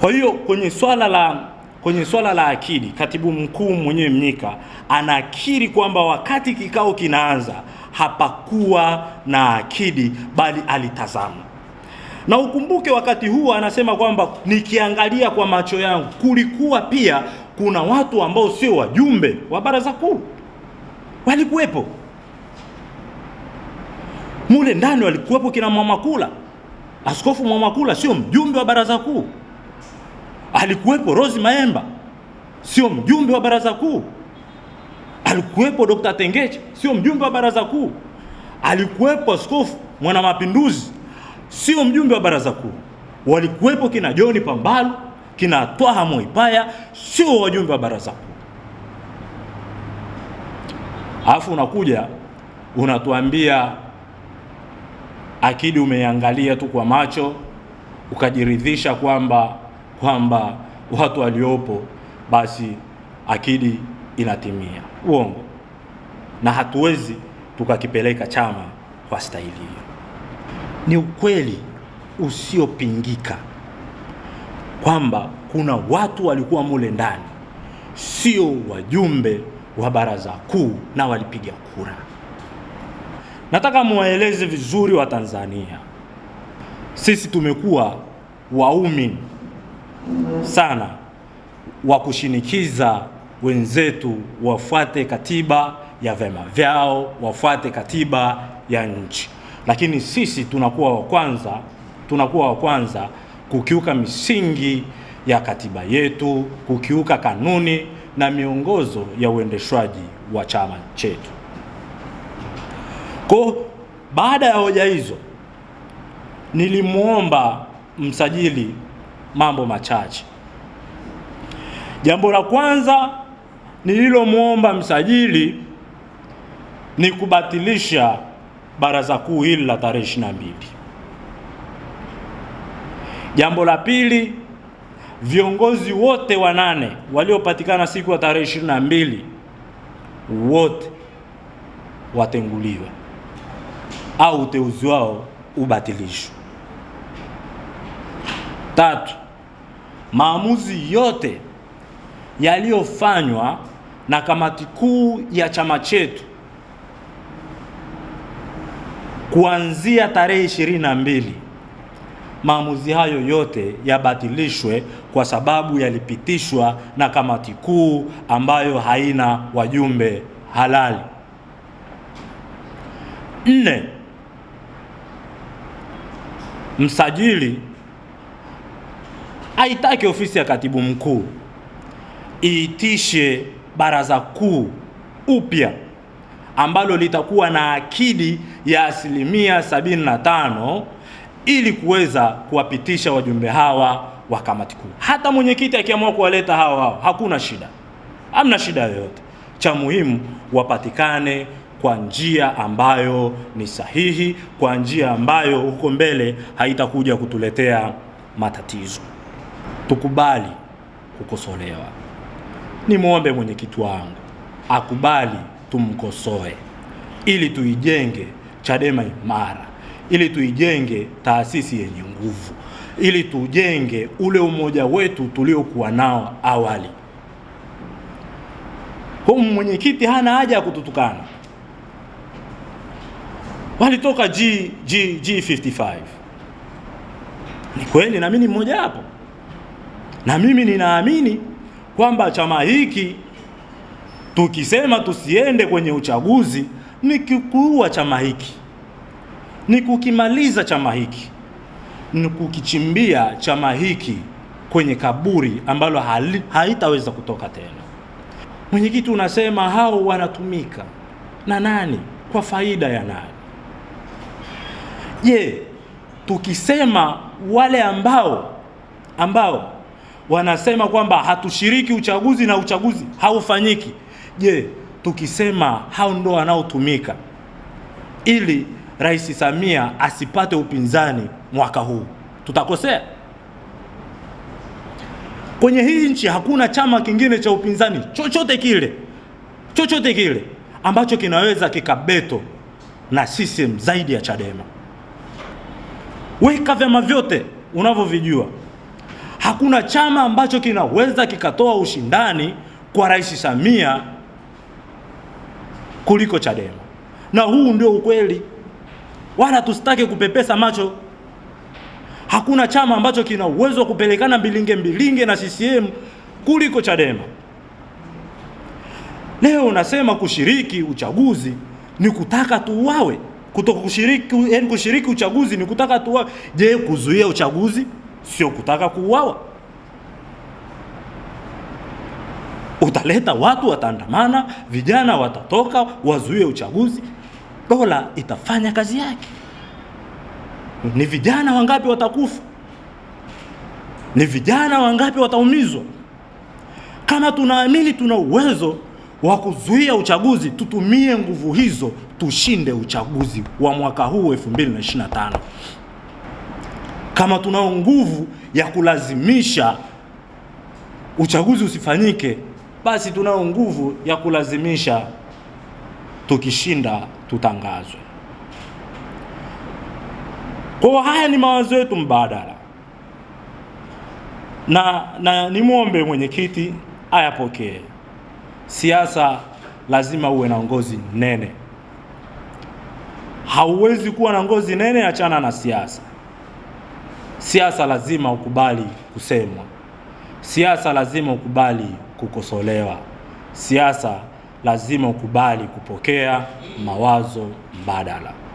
Kwa hiyo kwenye swala la kwenye swala la akidi, katibu mkuu mwenyewe Mnyika anakiri kwamba wakati kikao kinaanza hapakuwa na akidi, bali alitazama. Na ukumbuke wakati huo anasema kwamba nikiangalia kwa macho yangu, kulikuwa pia kuna watu ambao sio wajumbe wa baraza kuu walikuwepo mule ndani, walikuwepo kina Mwamakula, askofu Mwamakula sio mjumbe wa baraza kuu alikuwepo Rose Maemba, sio mjumbe wa baraza kuu. Alikuwepo Dr. Tengeche, sio mjumbe wa baraza kuu. Alikuwepo Askofu Mwana Mapinduzi, sio mjumbe wa baraza kuu. Walikuwepo kina John Pambalu, kina Twaha Moipaya, sio wajumbe wa baraza kuu. Alafu unakuja unatuambia akidi, umeangalia tu kwa macho ukajiridhisha kwamba kwamba watu waliopo basi akidi inatimia. Uongo, na hatuwezi tukakipeleka chama kwa staili hiyo. Ni ukweli usiopingika kwamba kuna watu walikuwa mule ndani sio wajumbe wa baraza kuu na walipiga kura. Nataka muwaeleze vizuri Watanzania, sisi tumekuwa waumini sana wa kushinikiza wenzetu wafuate katiba ya vyama vyao, wafuate katiba ya nchi, lakini sisi tunakuwa wa kwanza, tunakuwa wa kwanza kukiuka misingi ya katiba yetu, kukiuka kanuni na miongozo ya uendeshwaji wa chama chetu. Kwa baada ya hoja hizo, nilimwomba msajili mambo machache. Jambo la kwanza nililomwomba msajili ni kubatilisha baraza kuu hili la tarehe 22. Jambo la pili, viongozi wote wanane waliopatikana siku ya tarehe 22 wote watenguliwe au uteuzi wao ubatilishwe. Tatu, Maamuzi yote yaliyofanywa na kamati kuu ya chama chetu kuanzia tarehe ishirini na mbili, maamuzi hayo yote yabatilishwe kwa sababu yalipitishwa na kamati kuu ambayo haina wajumbe halali. Nne, msajili haitaki ofisi ya katibu mkuu iitishe baraza kuu upya ambalo litakuwa na akidi ya asilimia 75 ili kuweza kuwapitisha wajumbe hawa wa kamati kuu. Hata mwenyekiti akiamua kuwaleta hawa hao, hakuna shida, hamna shida yoyote. Cha muhimu wapatikane kwa njia ambayo ni sahihi, kwa njia ambayo huko mbele haitakuja kutuletea matatizo tukubali kukosolewa. Nimwombe mwenyekiti wangu akubali tumkosoe, ili tuijenge Chadema imara, ili tuijenge taasisi yenye nguvu, ili tujenge ule umoja wetu tuliokuwa nao awali. Huu mwenyekiti hana haja ya kututukana. Walitoka G, G, G55 ni kweli, na mimi ni mmoja hapo. Na mimi ninaamini kwamba chama hiki tukisema tusiende kwenye uchaguzi ni kukuua chama hiki, ni kukimaliza chama hiki, ni kukichimbia chama hiki kwenye kaburi ambalo haitaweza kutoka tena. Mwenyekiti, unasema hao wanatumika na nani? Kwa faida ya nani? Je, tukisema wale ambao ambao wanasema kwamba hatushiriki uchaguzi na uchaguzi haufanyiki. Je, tukisema hao ndo wanaotumika ili Rais Samia asipate upinzani mwaka huu tutakosea? Kwenye hii nchi hakuna chama kingine cha upinzani chochote kile chochote kile ambacho kinaweza kikabeto na system zaidi ya Chadema. Weka vyama vyote unavyovijua hakuna chama ambacho kinaweza kikatoa ushindani kwa Rais Samia kuliko Chadema, na huu ndio ukweli, wala tusitake kupepesa macho. Hakuna chama ambacho kina uwezo wa kupelekana mbilinge mbilinge na CCM kuliko Chadema. Leo unasema kushiriki uchaguzi ni kutaka tuuawe, kutokushiriki, yaani kushiriki uchaguzi ni kutaka tuuawe. Je, kuzuia uchaguzi sio kutaka kuuawa. Utaleta watu wataandamana, vijana watatoka, wazuie uchaguzi, dola itafanya kazi yake. Ni vijana wangapi watakufa? Ni vijana wangapi wataumizwa? Kama tunaamini tuna uwezo wa kuzuia uchaguzi, tutumie nguvu hizo tushinde uchaguzi wa mwaka huu 2025. Kama tunao nguvu ya kulazimisha uchaguzi usifanyike, basi tunao nguvu ya kulazimisha tukishinda tutangazwe. Kwa haya ni mawazo yetu mbadala, na, na nimwombe mwenyekiti ayapokee. Siasa lazima uwe na ngozi nene. Hauwezi kuwa na ngozi nene, achana na siasa. Siasa lazima ukubali kusemwa, siasa lazima ukubali kukosolewa, siasa lazima ukubali kupokea mawazo mbadala.